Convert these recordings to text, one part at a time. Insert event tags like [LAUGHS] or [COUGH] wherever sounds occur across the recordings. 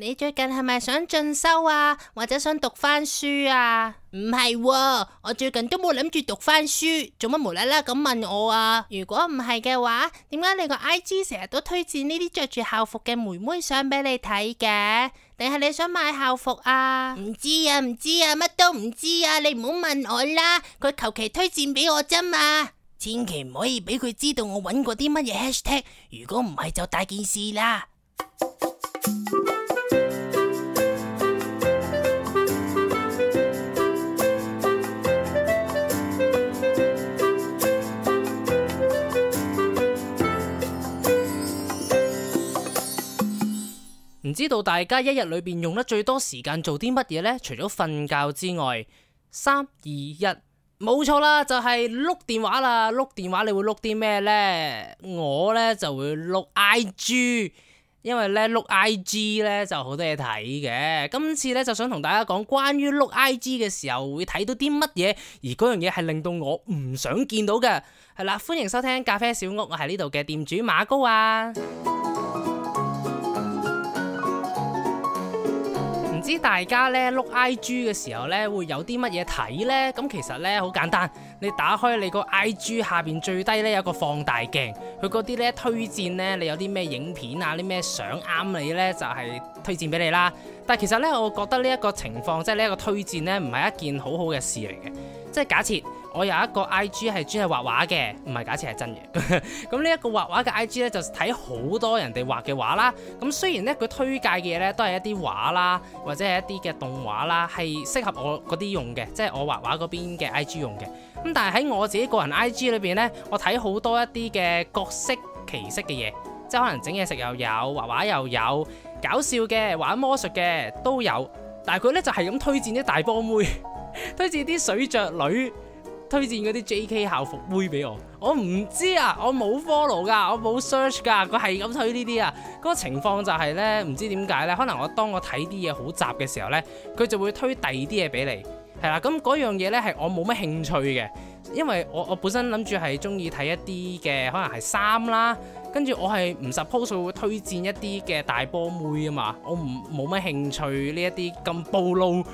你最近係咪想進修啊，或者想讀翻書啊？唔係喎，我最近都冇諗住讀翻書，做乜無啦啦咁問我啊？如果唔係嘅話，點解你個 IG 成日都推薦呢啲着住校服嘅妹妹相俾你睇嘅？定係你想買校服啊？唔知啊，唔知啊，乜都唔知啊，你唔好問我啦。佢求其推薦俾我啫嘛。千祈唔可以俾佢知道我揾過啲乜嘢 hashtag，如果唔係就大件事啦。唔知道大家一日裏邊用得最多時間做啲乜嘢呢？除咗瞓覺之外，三二一，冇錯啦，就係碌電話啦！碌電話你會碌啲咩呢？我呢就會碌 IG，因為呢碌 IG 呢就好多嘢睇嘅。今次呢就想同大家講關於碌 IG 嘅時候會睇到啲乜嘢，而嗰樣嘢係令到我唔想見到嘅。係啦，歡迎收聽咖啡小屋，我喺呢度嘅店主馬高啊。啲大家咧碌 IG 嘅時候咧，會有啲乜嘢睇咧？咁其實咧，好簡單，你打開你個 IG 下邊最低咧有一個放大鏡，佢嗰啲咧推薦咧，你有啲咩影片啊，啲咩相啱你咧，就係推薦俾你啦。但係其實咧，我覺得呢一個情況即係呢一個推薦咧，唔係一件好好嘅事嚟嘅，即係假設。我有一個 I G 係專係畫畫嘅，唔係假設係真嘅。咁呢一個畫畫嘅 I G 咧，就睇好多人哋畫嘅畫啦。咁雖然咧，佢推介嘅嘢咧都係一啲畫啦，或者係一啲嘅動畫啦，係適合我嗰啲用嘅，即係我畫畫嗰邊嘅 I G 用嘅。咁但係喺我自己個人 I G 裏邊咧，我睇好多一啲嘅各色奇色嘅嘢，即係可能整嘢食又有，畫畫又有，搞笑嘅，玩魔術嘅都有。但係佢咧就係咁推薦啲大波妹，推薦啲水着女。推薦嗰啲 JK 校服妹俾我，我唔知啊，我冇 follow 噶，我冇 search 噶，佢係咁推呢啲啊。嗰個情況就係呢，唔知點解呢？可能我當我睇啲嘢好雜嘅時候呢，佢就會推第二啲嘢俾你，係啦。咁嗰樣嘢呢係我冇乜興趣嘅，因為我我本身諗住係中意睇一啲嘅，可能係衫啦，跟住我係唔 suppose 會推薦一啲嘅大波妹啊嘛，我唔冇乜興趣呢一啲咁暴露。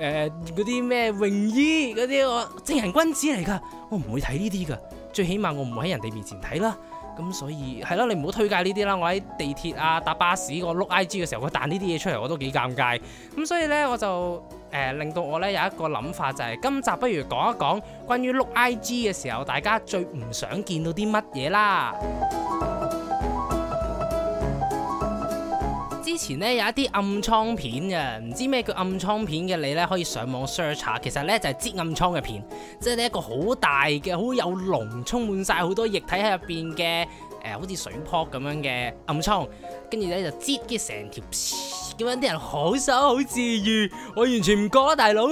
誒，嗰啲咩泳衣嗰啲，我正人君子嚟㗎，我唔會睇呢啲㗎。最起碼我唔會喺人哋面前睇啦。咁所以係咯，你唔好推介呢啲啦。我喺地鐵啊，搭巴士我碌 IG 嘅時候，佢彈呢啲嘢出嚟，我都幾尷尬。咁所以呢，我就誒、呃、令到我呢有一個諗法，就係、是、今集不如講一講關於碌 IG 嘅時候，大家最唔想見到啲乜嘢啦。之前咧有一啲暗瘡片嘅，唔知咩叫暗瘡片嘅你咧可以上網 search 下，其實咧就係、是、擠暗瘡嘅片，即係呢一個好大嘅好有膿充滿晒好多液體喺入邊嘅，誒、呃、好似水泡咁樣嘅暗瘡，跟住咧就擠嘅成條，咁樣啲人好手好治愈，我完全唔覺啦，大佬。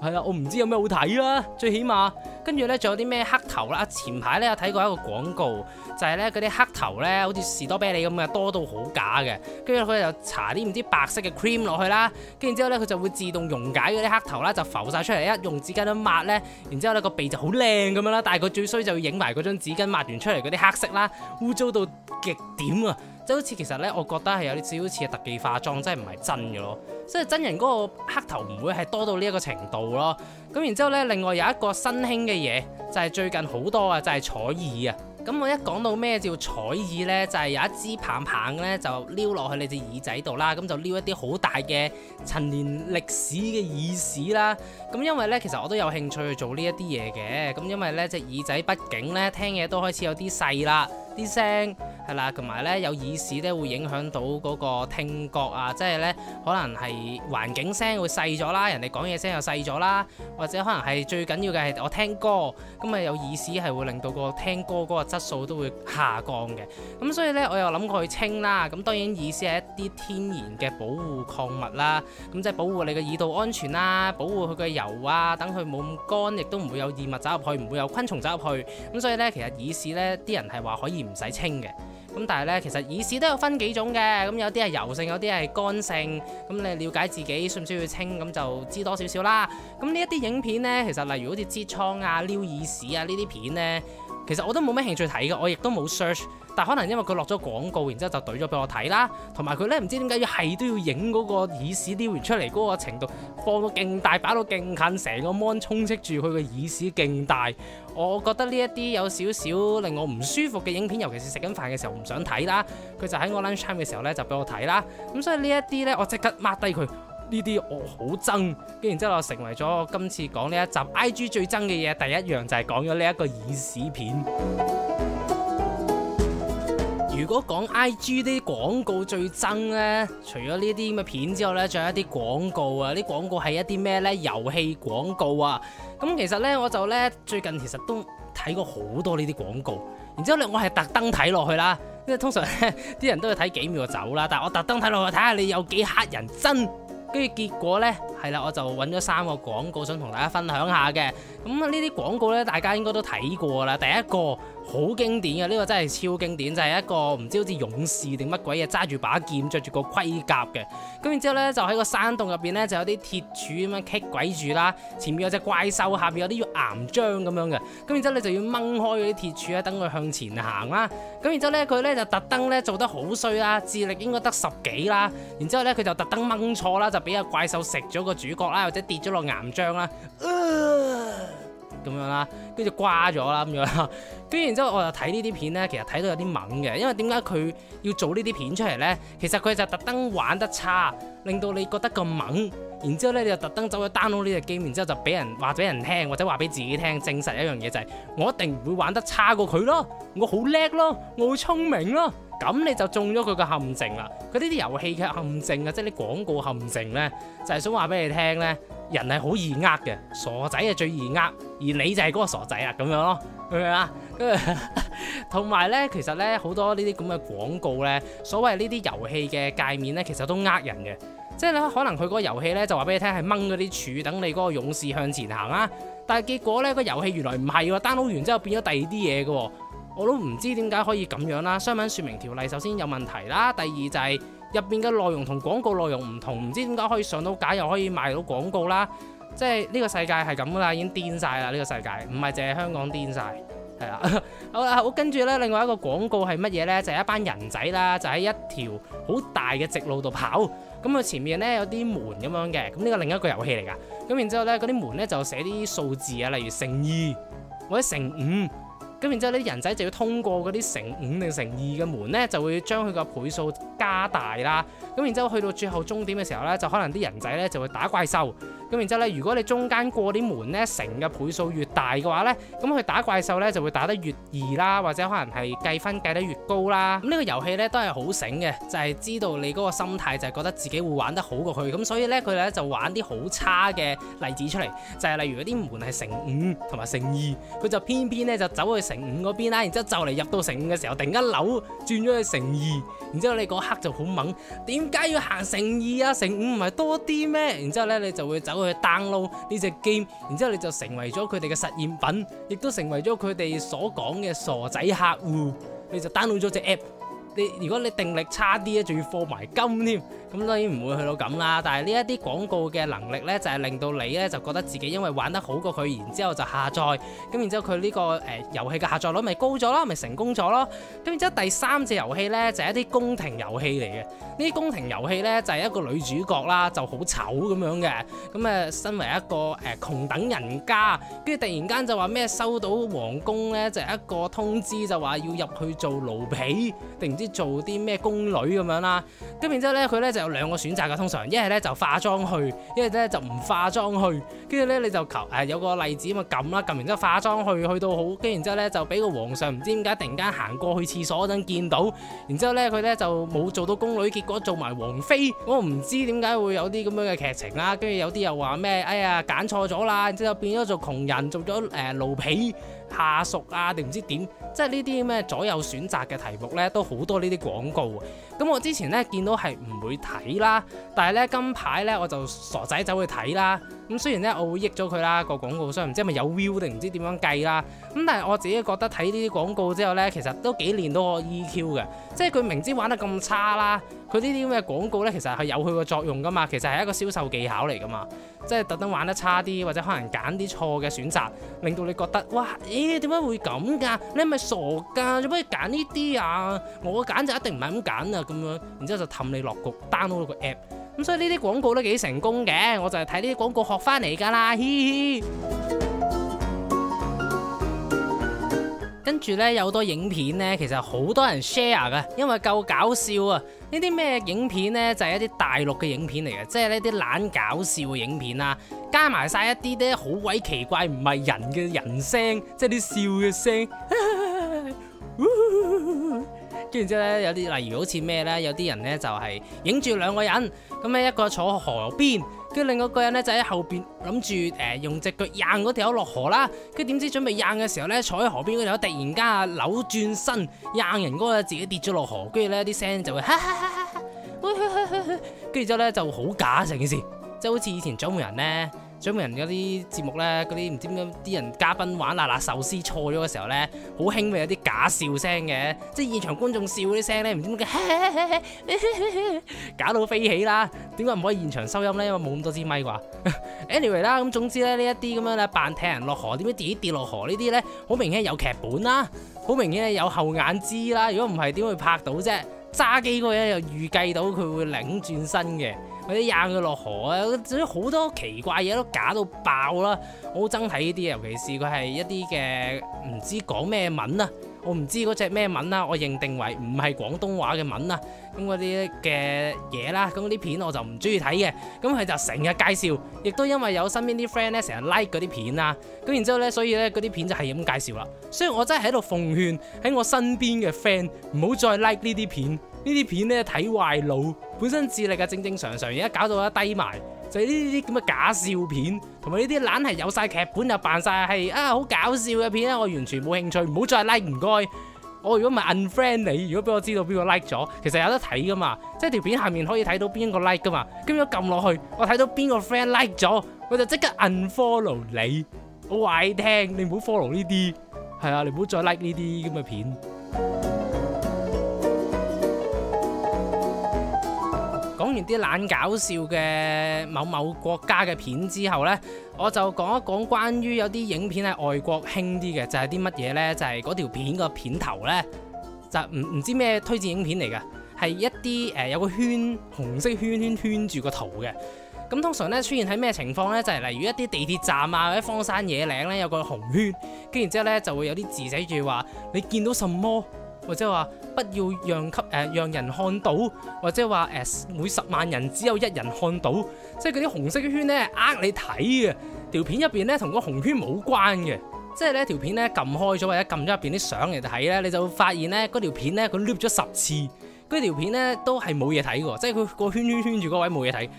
係啊，我唔知有咩好睇啊。最起碼跟住呢，仲有啲咩黑頭啦。前排呢，有睇過一個廣告，就係呢嗰啲黑頭呢，好似士多啤梨咁嘅，多到好假嘅。跟住佢就搽啲唔知白色嘅 cream 落去啦，跟住之後呢，佢就會自動溶解嗰啲黑頭啦，就浮晒出嚟。一用紙巾一抹呢，然之後呢個鼻就好靚咁樣啦。但係佢最衰就要影埋嗰張紙巾抹完出嚟嗰啲黑色啦，污糟到極點啊！即好似其實咧，我覺得係有啲似好似特技化妝，真係唔係真嘅咯。所以真人嗰個黑頭唔會係多到呢一個程度咯。咁然之後呢，另外有一個新興嘅嘢就係、是、最近好多啊，就係、是、彩耳啊。咁我一講到咩叫彩耳呢，就係、是、有一支棒棒呢，就撩落去你隻耳仔度啦。咁就撩一啲好大嘅陳年歷史嘅耳屎啦。咁因為呢，其實我都有興趣去做呢一啲嘢嘅。咁因為呢隻耳仔畢竟呢，聽嘢都開始有啲細啦。啲聲係啦，同埋咧有耳屎咧會影響到嗰個聽覺啊，即係咧可能係環境聲會細咗啦，人哋講嘢聲又細咗啦，或者可能係最緊要嘅係我聽歌，咁啊有耳屎係會令到個聽歌嗰個質素都會下降嘅。咁所以咧我又諗過去清啦，咁當然耳屎係一啲天然嘅保護礦物啦，咁即係保護你嘅耳道安全啦，保護佢嘅油啊，等佢冇咁乾，亦都唔會有異物走入去，唔會有昆蟲走入去。咁所以咧其實耳屎咧啲人係話可以。唔使清嘅。咁，但係呢，其實耳屎都有分幾種嘅。咁，有啲係油性，有啲係乾性。咁你了解自己需唔需要清，咁就知多少少啦。咁呢一啲影片呢，其實例如好似痔瘡啊、撩耳屎啊呢啲片呢，其實我都冇咩興趣睇嘅，我亦都冇 search。但可能因為佢落咗廣告，然之後就懟咗俾我睇啦。同埋佢咧，唔知點解要係都要影嗰個耳屎撩完出嚟嗰個程度，放到勁大擺到勁近，成個 mon 充斥住佢個耳屎勁大。我覺得呢一啲有少少令我唔舒服嘅影片，尤其是食緊飯嘅時候唔想睇啦。佢就喺我 lunch time 嘅時候咧就俾我睇啦。咁所以呢一啲咧，我即刻抹低佢。呢啲我好憎。跟然之後，我成為咗今次講呢一集 IG 最憎嘅嘢，第一樣就係講咗呢一個耳屎片。如果講 IG 啲廣告最憎呢，除咗呢啲咁嘅片之後呢，仲有一啲廣告啊！啲廣告係一啲咩呢？遊戲廣告啊！咁其實呢，我就呢最近其實都睇過好多呢啲廣告，然之後呢，我係特登睇落去啦，因為通常呢啲人都係睇幾秒就走啦，但係我特登睇落去睇下你有幾嚇人憎，跟住結果呢，係啦，我就揾咗三個廣告想同大家分享下嘅。咁呢啲廣告呢，大家應該都睇過啦。第一個。好經典嘅，呢個真係超經典，就係一個唔知好似勇士定乜鬼嘢，揸住把劍，着住個盔甲嘅。咁然之後呢，就喺個山洞入邊呢，就有啲鐵柱咁樣棘鬼住啦。前面有隻怪獸，下邊有啲叫岩漿咁樣嘅。咁然之後咧，就要掹開嗰啲鐵柱啊，等佢向前行啦。咁然之後呢，佢呢就特登呢做得好衰啦，智力應該得十幾啦。然之後呢，佢就特登掹錯啦，就俾阿怪獸食咗個主角啦，或者跌咗落岩漿啦。呃咁樣啦，跟住瓜咗啦，咁樣啦，跟住然之後我又睇呢啲片咧，其實睇到有啲猛嘅。因為點解佢要做呢啲片出嚟咧？其實佢就特登玩得差，令到你覺得咁猛，然之後咧你就特登走去 download 呢隻 game，然之後就俾人話俾人聽，或者話俾自己聽，證實一樣嘢就係我一定唔會玩得差過佢咯，我好叻咯，我好聰明咯，咁你就中咗佢個陷阱啦。佢呢啲遊戲嘅陷阱啊，即係你廣告陷阱咧，就係想話俾你聽咧。人係好易呃嘅，傻仔係最易呃，而你就係嗰個傻仔啊，咁樣咯，明唔明啊？跟住同埋呢，其實呢，好多呢啲咁嘅廣告呢，所謂呢啲遊戲嘅界面呢，其實都呃人嘅，即係咧可能佢嗰個遊戲咧就話俾你聽係掹嗰啲柱等你嗰個勇士向前行啦，但係結果呢，個遊戲原來唔係喎，download 完之後變咗第二啲嘢嘅，我都唔知點解可以咁樣啦。商品説明條例首先有問題啦，第二就係、是。入邊嘅內容同廣告內容唔同，唔知點解可以上到架又可以賣到廣告啦！即係呢個世界係咁噶啦，已經癲晒啦！呢個世界唔係淨係香港癲晒，係啊！ [LAUGHS] 好，跟住呢另外一個廣告係乜嘢呢？就係一班人仔啦，就喺一條好大嘅直路度跑。咁佢前面呢有啲門咁樣嘅，咁呢個另一個遊戲嚟噶。咁然之後呢，嗰啲門呢就寫啲數字啊，例如乘二或者乘五。咁然之後咧，人仔就要通過嗰啲乘五定乘二嘅門咧，就會將佢個倍數加大啦。咁然之後去到最後終點嘅時候咧，就可能啲人仔咧就會打怪獸。咁然之後咧，如果你中間過啲門咧，乘嘅倍數越大嘅話咧，咁佢打怪獸咧就會打得越易啦，或者可能係計分計得越高啦。咁呢個遊戲咧都係好醒嘅，就係知道你嗰個心態就係覺得自己會玩得好過佢。咁所以咧佢咧就玩啲好差嘅例子出嚟，就係例如啲門係乘五同埋乘二，佢就偏偏咧就走去乘五嗰邊啦，然之後就嚟入到乘五嘅時候，突然一扭轉咗去乘二，然之後你嗰刻就好懵。點解要行乘二啊？乘五唔係多啲咩？然之後咧你就會走。去 download 呢隻 game 然之後，你就成為咗佢哋嘅實驗品，亦都成為咗佢哋所講嘅傻仔客戶。你就 download 咗隻 app，你如果你定力差啲咧，仲要課埋金添。咁當然唔會去到咁啦，但係呢一啲廣告嘅能力呢，就係令到你呢，就覺得自己因為玩得好過佢，然之後就下載，咁然之後佢呢個誒遊戲嘅下載率咪高咗咯，咪成功咗咯。咁然之後第三隻遊戲呢，就係一啲宮廷遊戲嚟嘅，呢啲宮廷遊戲呢，就係一個女主角啦，就好醜咁樣嘅，咁誒身為一個誒窮等人家，跟住突然間就話咩收到皇宮呢，就係一個通知，就話要入去做奴婢，定唔知做啲咩宮女咁樣啦，咁然之後呢，佢呢就，有兩個選擇㗎，通常一係咧就化妝去，一係咧就唔化妝去。跟住咧你就求誒有個例子咁啊，撳啦撳完之後化妝去，去到好，跟然之後咧就俾個皇上唔知點解突然間行過去廁所嗰陣見到，然之後咧佢咧就冇做到宮女，結果做埋皇妃。我唔知點解會有啲咁樣嘅劇情啦。跟住有啲又話咩？哎呀，揀錯咗啦，然之後變咗做窮人，做咗誒、呃、奴婢。下屬啊，定唔知點，即係呢啲咩左右選擇嘅題目呢，都好多呢啲廣告。咁我之前呢，見到係唔會睇啦，但係呢，今排呢，我就傻仔走去睇啦。咁雖然呢，我會益咗佢啦，個廣告商唔知係咪有 view 定唔知點樣計啦。咁但係我自己覺得睇呢啲廣告之後呢，其實都幾練到我 EQ 嘅，即係佢明知玩得咁差啦。佢呢啲咁嘅廣告咧，其實係有佢個作用㗎嘛，其實係一個銷售技巧嚟㗎嘛，即係特登玩得差啲，或者可能揀啲錯嘅選擇，令到你覺得哇，咦點解會咁㗎？你係咪傻㗎？做咩揀呢啲啊？我揀就一定唔係咁揀啊，咁樣，然之後就氹你落局 download 個 app，咁所以呢啲廣告都幾成功嘅，我就係睇呢啲廣告學返嚟㗎啦，嘻嘻。跟住呢，有多影片呢？其實好多人 share 噶，因為夠搞笑啊！呢啲咩影片呢？就係一啲大陸嘅影片嚟嘅，即係呢啲懶搞笑嘅影片啊。加埋晒一啲呢好鬼奇怪唔係人嘅人聲，即係啲笑嘅聲。跟住之後呢，有啲例如好似咩呢？有啲人呢，就係影住兩個人，咁呢一個坐河邊。跟住另外一個人咧就喺後邊諗住誒用隻腳掹嗰條友落河啦，跟住點知準備掹嘅時候咧，坐喺河邊嗰條友突然間啊扭轉身，掹人嗰個自己跌咗落河，跟住咧啲聲就會哈哈哈哈，哈跟住之後咧就好假，成件事，即係好似以前掌門人咧。主持人有啲節目咧，嗰啲唔知點解啲人嘉賓玩辣辣壽司錯咗嘅時候咧，好興嘅有啲假笑聲嘅，即係現場觀眾笑嗰啲聲咧，唔知點解 [LAUGHS] 搞到飛起啦？點解唔可以現場收音咧？因為冇咁多支咪啩。 [LAUGHS] anyway 啦，咁總之咧呢一啲咁樣咧，扮踢人落河，點解自己跌落河呢啲咧？好明顯有劇本啦，啊，好明顯係有後眼知啦，啊。如果唔係點會拍到啫？揸機嗰個人又預計到佢會擰轉身嘅。嗰啲嗌佢落河啊，好多奇怪嘢都假到爆啦！我好憎睇呢啲，尤其是佢係一啲嘅唔知講咩文啊，我唔知嗰隻咩文啦，我認定為唔係廣東話嘅文啦，咁嗰啲嘅嘢啦，咁啲片我就唔中意睇嘅，咁佢就成日介紹，亦都因為有身邊啲 friend 咧成日 like 嗰啲片啊，咁然之後咧，所以咧嗰啲片就係咁介紹啦。所以我真係喺度奉勸喺我身邊嘅 friend 唔好再 like 呢啲片。呢啲片咧睇壞腦，本身智力啊正正常常，而家搞到啊低埋，就係呢啲咁嘅假笑片，同埋呢啲懶係有晒劇本又扮晒係啊好搞笑嘅片啊，我完全冇興趣，唔好再 like，唔該。我如果唔係 unfriend 你，如果俾我知道邊個 like 咗，其實有得睇噶嘛，即係條片下面可以睇到邊個 like 噶嘛，咁樣撳落去，我睇到邊個 friend like 咗，我就即刻 unfollow 你，好話聽，你唔好 follow 呢啲，係啊，你唔好再 like 呢啲咁嘅片。講完啲懶搞笑嘅某某國家嘅片之後呢，我就講一講關於有啲影片係外國興啲嘅，就係啲乜嘢呢？就係嗰條片個片頭呢，就唔唔知咩推薦影片嚟嘅，係一啲誒、呃、有個圈紅色圈圈圈住個圖嘅。咁通常呢，出現喺咩情況呢？就係、是、例如一啲地鐵站啊，或者荒山野嶺呢，有個紅圈，跟然之後呢，就會有啲字寫住話你見到什麼。或者話不要讓給誒，讓人看到，或者話誒每十萬人只有一人看到，即係嗰啲紅色圈咧，呃你睇嘅條片入邊咧，同個紅圈冇關嘅，即係呢條片咧撳開咗或者撳咗入邊啲相嚟睇咧，你就會發現咧嗰條片咧佢 loop 咗十次，嗰條片咧都係冇嘢睇嘅，即係佢個圈圈圈住嗰位冇嘢睇。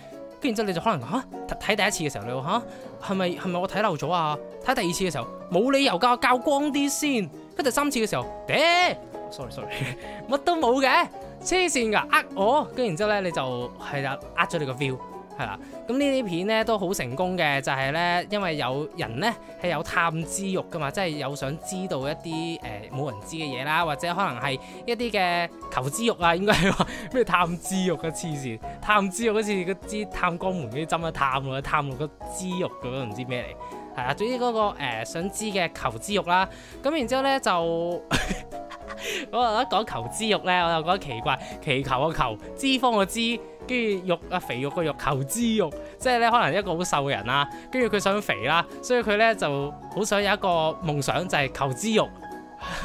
跟然之後你就可能嚇睇第一次嘅時候，你話嚇係咪係咪我睇漏咗啊？睇第二次嘅時候冇理由噶，校光啲先。跟第三次嘅時候，嗲。Sorry sorry，乜都冇嘅，黐線噶，呃我，跟然之後咧你就係啊呃咗你個 view，係啦，咁呢啲片咧都好成功嘅，就係、是、咧因為有人咧係有探知慾噶嘛，即、就、係、是、有想知道一啲誒冇人知嘅嘢啦，或者可能係一啲嘅求知慾啊，應該係話咩探知慾啊？黐線，探知慾好似個知探江門嗰啲針啊探探落個知慾咁，唔知咩嚟，係啊，總之嗰、那個、呃、想知嘅求知慾啦，咁然之後咧就。 [LAUGHS] 我我一講求脂肉呢，我就覺得奇怪，祈求個求，脂肪個脂，跟住肉啊，肥肉個肉，求脂肉，即係呢可能一個好瘦嘅人啦，跟住佢想肥啦，所以佢呢就好想有一個夢想就係、是、求脂肉。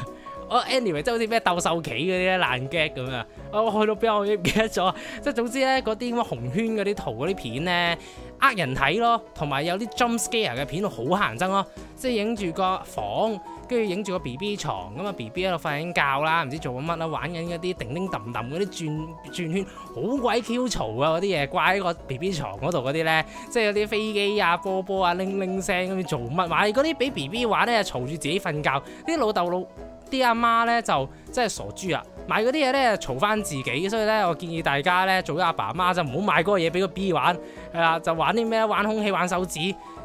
[LAUGHS] 哦 anyway 即係好似咩鬥獸棋嗰啲爛 gag 咁啊！我、哦、去到邊我都唔記得咗。即係總之咧，嗰啲咁嘅紅圈嗰啲圖嗰啲片咧，呃人睇咯，同埋有啲 jump scare 嘅片度好乞人憎咯。即係影住個房，跟住影住個 B B 床咁啊，B B 喺度瞓緊覺啦，唔知做緊乜啦，玩緊嗰啲叮叮揼揼嗰啲轉轉圈，好鬼 Q 嘈啊！嗰啲嘢掛喺個 B B 床嗰度嗰啲咧，即係有啲飛機啊、波波啊、鈴鈴聲咁做乜？話嗰啲俾 B B 玩咧，嘈住自己瞓覺啲老豆老啲阿媽咧就真係傻豬啊！買嗰啲嘢咧，嘈翻自己，所以咧，我建議大家咧，做咗阿爸阿媽，就唔好買嗰個嘢俾個 B 玩，係啊，就玩啲咩，玩空氣、玩手指。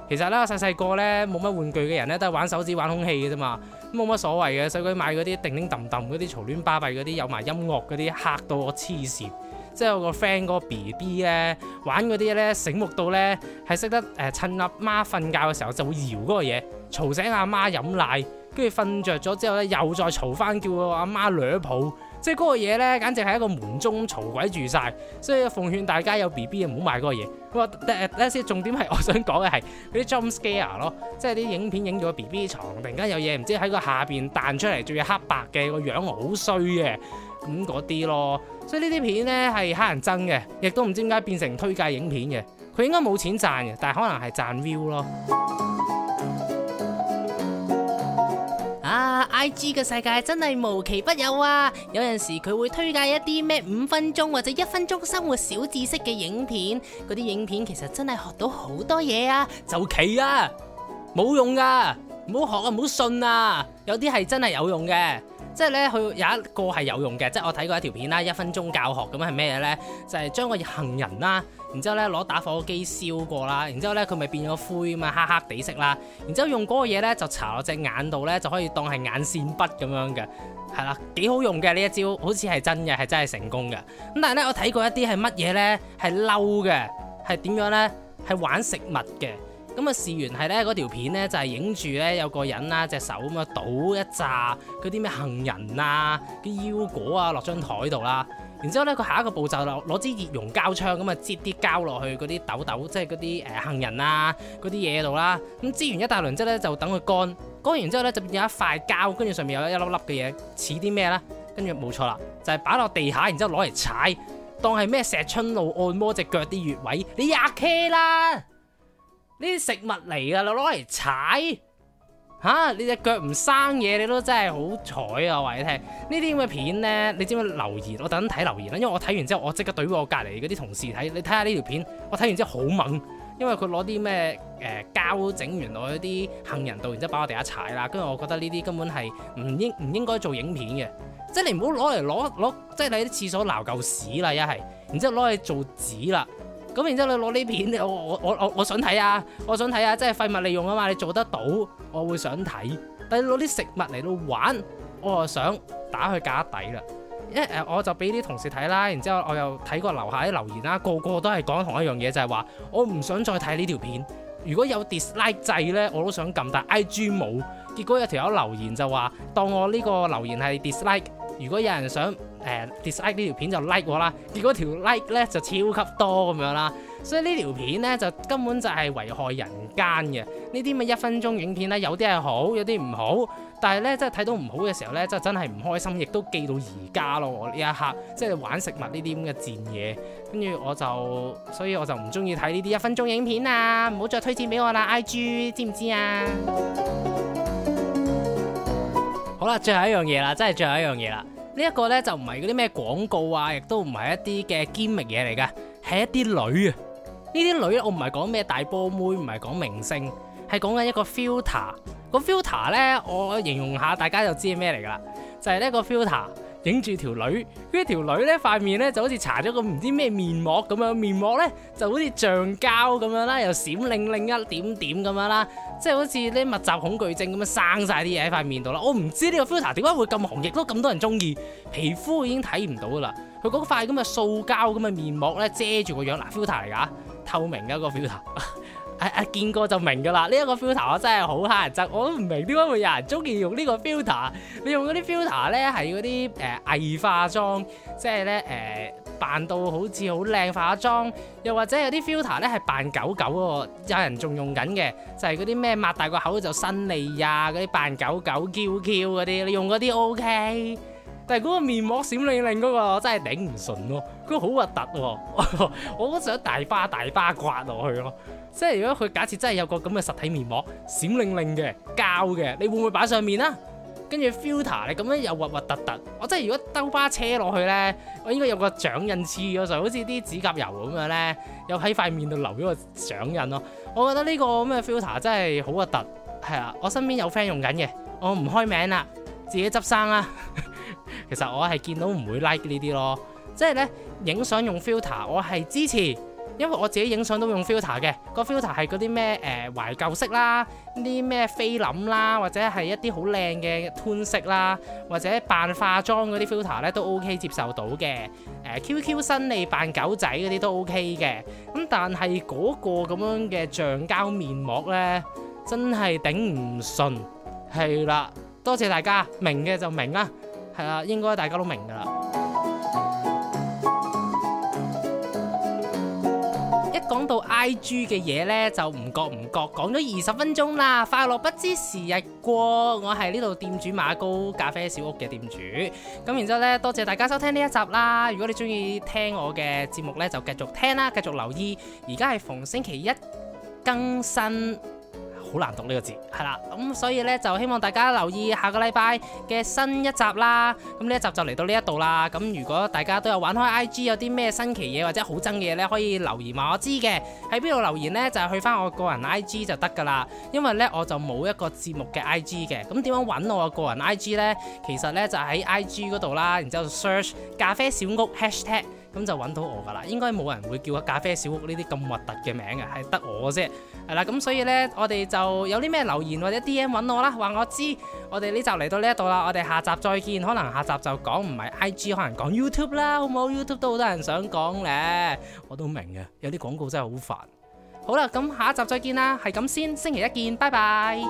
其實咧細細個咧冇乜玩具嘅人咧都係玩手指玩空氣嘅啫嘛，冇乜所謂嘅。所以佢買嗰啲叮叮揼揼嗰啲嘈亂巴閉嗰啲有埋音樂嗰啲嚇到我黐線。即係我個 friend 個 B B 咧玩嗰啲咧醒目到咧係識得誒、呃、趁阿媽瞓覺嘅時候就會搖嗰個嘢，嘈醒阿媽飲奶。跟住瞓着咗之後咧，又再嘈翻叫個阿媽兩抱，即係嗰個嘢咧，簡直係一個門中嘈鬼住晒。所以奉勸大家有 B B 就唔好買嗰個嘢。我、呃、第第重點係我想講嘅係嗰啲 jump scare 咯，即係啲影片影住 B B 床，突然間有嘢唔知喺個下邊彈出嚟，仲要黑白嘅，個樣好衰嘅，咁嗰啲咯。所以呢啲片咧係乞人憎嘅，亦都唔知點解變成推介影片嘅。佢應該冇錢賺嘅，但係可能係賺 view 咯。啊！IG 嘅世界真係無奇不有啊！有陣時佢會推介一啲咩五分鐘或者一分鐘生活小知識嘅影片，嗰啲影片其實真係學到好多嘢啊！就奇啊！冇用噶，啊，唔好學啊，唔好信啊！有啲係真係有用嘅，即係呢，佢有一個係有用嘅，即係我睇過一條片啦，一分鐘教學咁係咩嘢呢？就係將個行人啦，啊。然之後咧攞打火機燒過啦，然之後咧佢咪變咗灰啊嘛，黑黑地色啦。然之後用嗰個嘢咧就搽落隻眼度咧，就可以當係眼線筆咁樣嘅，係啦，幾好用嘅呢一招，好似係真嘅，係真係成功嘅。咁但係咧，我睇過一啲係乜嘢咧，係嬲嘅，係點樣咧？係玩食物嘅。咁啊試完係咧嗰條片咧就係影住咧，有個人啦，隻手咁啊倒一紮嗰啲咩杏仁啊、啲腰果啊落張枱度啦。然之後咧，佢下一個步驟就攞支熱熔膠槍咁啊，擠啲膠落去嗰啲豆豆，即係嗰啲誒杏仁啊，嗰啲嘢度啦。咁擠完一大輪之後咧，就等佢乾。乾完之後咧，就變有一塊膠，跟住上面有一粒粒嘅嘢，似啲咩咧？跟住冇錯啦，就係擺落地下，然之後攞嚟踩，當係咩石春路按摩隻腳啲穴位。你吔 K 啦，呢啲食物嚟噶，你攞嚟踩。嚇、啊！你隻腳唔生嘢，你都真係好彩啊！話你聽，呢啲咁嘅片呢，你知唔知留言？我等睇留言啦，因為我睇完之後，我即刻對住我隔離嗰啲同事睇，你睇下呢條片，我睇完之後好猛，因為佢攞啲咩誒膠整完，攞啲行人路度，然之後擺我地下踩啦，跟住我覺得呢啲根本係唔應唔應該做影片嘅，即係你唔好攞嚟攞攞，即係喺啲廁所撈舊屎啦一係，然之後攞嚟做紙啦。咁然之後你攞呢片，我我我我想睇啊，我想睇啊，即係廢物利用啊嘛，你做得到，我會想睇。但係攞啲食物嚟到玩，我就想打佢架底啦。因為誒，我就俾啲同事睇啦，然之後我又睇過樓下啲留言啦，個個都係講同一樣嘢，就係話我唔想再睇呢條片。如果有 dislike 掣咧，我都想撳，但 IG 冇。結果有條友留言就話，當我呢個留言係 dislike。如果有人想，誒、呃、dislike 呢條片就 like 我啦，結果條 like 咧就超級多咁樣啦，所以條呢條片咧就根本就係危害人間嘅。呢啲乜一分鐘影片咧，有啲係好，有啲唔好，但係咧真係睇到唔好嘅時候咧，真係真係唔開心，亦都記到而家咯。呢一刻即係玩食物呢啲咁嘅賤嘢，跟住我就，所以我就唔中意睇呢啲一分鐘影片啊，唔好再推薦俾我啦，IG 知唔知啊？最後一樣嘢啦，真係最後一樣嘢啦。呢、這、一個呢，就唔係嗰啲咩廣告啊，亦都唔係一啲嘅堅明嘢嚟㗎，係一啲女啊。女，呢啲女我唔係講咩大波妹，唔係講明星，係講緊一個 Filter。個 Filter 呢，我形容下，大家就知係咩嚟㗎啦，就係、是、呢個 Filter。影住條女，跟住條女呢塊面呢就好似搽咗個唔知咩面膜咁樣，面膜呢就好似橡膠咁樣啦，又閃靈靈一點點咁樣啦，即係好似呢密集恐懼症咁樣生晒啲嘢喺塊面度啦。我唔知呢個 filter 點解會咁紅熱，都咁多人中意，皮膚已經睇唔到噶啦。佢嗰塊咁嘅塑膠咁嘅面膜呢，遮住個樣，嗱、啊、filter 嚟噶、啊，透明嘅、啊、一個 filter。 [LAUGHS] 誒誒、啊，見過就明㗎啦！呢、這、一個 filter 我真係好乞人憎，我都唔明點解會有人中意用呢個 filter。你用嗰啲 filter 咧係嗰啲誒偽、呃、化妝，即係咧誒扮到好似好靚化妝，又或者有啲 filter 咧係扮狗狗喎，有人仲用緊嘅，就係嗰啲咩擘大個口就伸脷呀，嗰啲扮狗狗叫叫嗰啲，你用嗰啲 OK。OK？但係嗰個面膜閃靈靈嗰個真係頂唔順咯，佢好核突喎。 [LAUGHS] 我好想大巴大巴刮落去咯、啊，即係如果佢假設真係有個咁嘅實體面膜閃靈靈嘅膠嘅，你會唔會擺上面啊？跟住 filter 你咁樣又核核突突，我真係如果兜巴車落去咧，我應該有個掌印黐咗上，好似啲指甲油咁樣咧，又喺塊面度留咗個掌印咯、啊。我覺得呢個咁嘅 filter 真係好核突。係啊，我身邊有 friend 用緊嘅，我唔開名啦，自己執生啦、啊。 [LAUGHS] 其實我係見到唔會 like 呢啲咯，即係咧，影相用 filter，我係支持，因為我自己影相都會用 filter 嘅。個 filter 係嗰啲咩誒、呃、懷舊色啦，啲咩菲林啦，或者係一啲好靚嘅 tone 色啦，或者扮化妝嗰啲 filter 咧，都 OK 接受到嘅誒。QQ、呃、新嚟扮狗仔嗰啲都 OK 嘅，咁但係嗰個咁樣嘅橡膠面膜咧，真係頂唔順。係啦。多謝大家明嘅就明啦。係啦，應該大家都明㗎啦。一講到 IG 嘅嘢呢，就唔覺唔覺講咗二十分鐘啦，快樂不知時日過。我係呢度店主馬高咖啡小屋嘅店主。咁然之後呢，多謝大家收聽呢一集啦。如果你中意聽我嘅節目呢，就繼續聽啦，繼續留意。而家係逢星期一更新。好難讀呢個字係啦，咁所以呢，就希望大家留意下個禮拜嘅新一集啦。咁呢一集就嚟到呢一度啦。咁如果大家都有玩開 I G 有啲咩新奇嘢，或者好憎嘅嘢呢，可以留言話我知嘅。喺邊度留言呢？就去翻我個人 I G 就得噶啦。因為呢，我就冇一個節目嘅 I G 嘅。咁點樣揾我個人 I G 呢？其實呢，就喺 I G 嗰度啦，然之後 search 咖啡小屋 hashtag。咁就揾到我噶啦，應該冇人會叫阿咖啡小屋呢啲咁核突嘅名嘅，係得我啫。係啦，咁所以呢，我哋就有啲咩留言或者 D M 揾我啦，話我知。我哋呢集嚟到呢一度啦，我哋下集再見。可能下集就講唔係 I G，可能講 YouTube 啦，好唔好？YouTube 都好多人想講咧。我都明嘅，有啲廣告真係好煩。好啦，咁下一集再見啦，係咁先，星期一見，拜拜。